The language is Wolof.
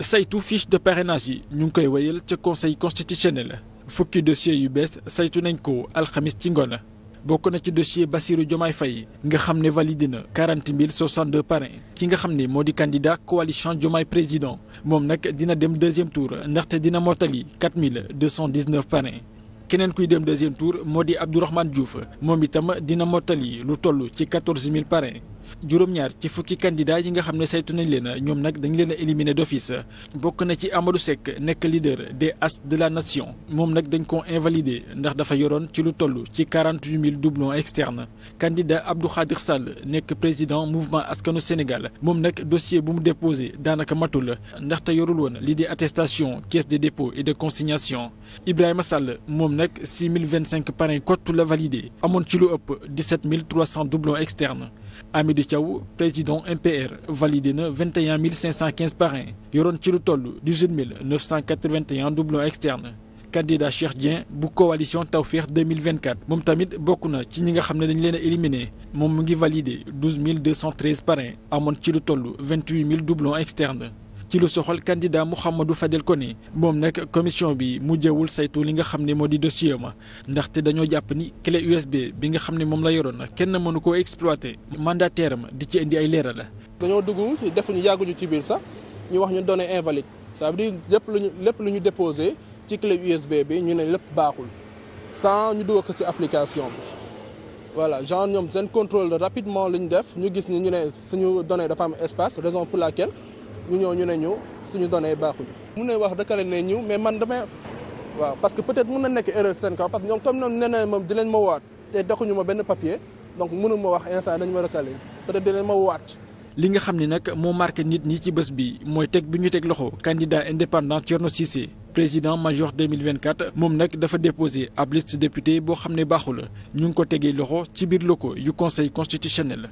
saytu fiche de parrainage yi ñu ngi koy wéyal ca conseil constitutionnel fukki dossier yu bees saytu nañ ko alxamis ci ngoon bokk na ci dossier Bassirou Diomaye fay nga xam ne validé na quarante mille soixante deux parrains ki nga xam ne moo di candidat coalition Diomaye président moom nag dina dem deuxième tour ndaxte dina mottali quatre mille deux cent dix neuf parrains keneen kuy dem deuxième tour moo di Abdourahmane Diouf moom itam dina mottali lu toll ci quatorze mille parrains. juróom-ñaar ci fukki candidat yi nga xam ne saytu nañ leen ñoom nag dañ leen a éliminé d'office bokk na ci amalu Seck nekk leader de As de la Nation moom nag dañ ko invalidé ndax dafa yoroon ci lu toll ci quarante huit mille doublons externes candidat Abdou Khadir Sall nekk président mouvement askanu Sénégal moom nag dossier bu mu déposé daanaka matul ndaxte yorul woon lii di attestation caisse de dépôt et de consignation Ibrahima Sall moom nag six mille vingt cinq parrains cote la valide amoon ci lu ëpp dix sept mille trois cent doublons Hamidou Thiaw président MPR validé na 21 515 parrains yoroon ci lu toll 18 981 doublons externes candidat Cheikh Dieng bu coalition Tawfekh 2024 moom tamit bokk na ci ñi nga xam ne dañ leen a éliminé moom mu ngi validé 12 213 parrains amoon ci lu toll 28 000 doublons externes. ci lu soxal candidat Mouhamadou ko Koné moom nag commission bi mujjewul saytu li nga xam ne moo di dossier ma ndaxte dañoo jàpp ni clé USB bi nga xam ne moom la yoroon kenn mënu ko exploité mandataire ma di ci indi ay leeral la. dañoo dugg defuñu yàgguñu ci biir sax ñu wax ñu donnee invalides ça veut lépp lu ñu lépp lu ñu déposé ci clé USB bi ñu ne lépp baaxul sans ñu dugg ko ci application bi. voilà genre ñoom seen contrôle rapidement li def ñu gis ni ñu ne suñu données dafa am espace raison pour laquelle ñu ñëw ñu ne ñëw suñu données baaxul mu nañ wax dëkkale ne ñëw mais man damay waaw parce que peut-être mun na nekk erreur seen kaw parce que ñoom comme ñoom nee na moom dinañ ma waat te dexuñu ma benn papier donc mënu ma wax instant dañu ma recalé peut-être dinañ ma waat. li nga xam ne nag moo marqué nit ñi ci bés bi mooy teg bi ñu teg loxo candidat indépendant Thierno Cissé président major 2024 moom nag dafa déposé ab liste député boo xam ne baaxul ñu ngi ko tegee loxo ci biir locaux yu conseil constitutionnel.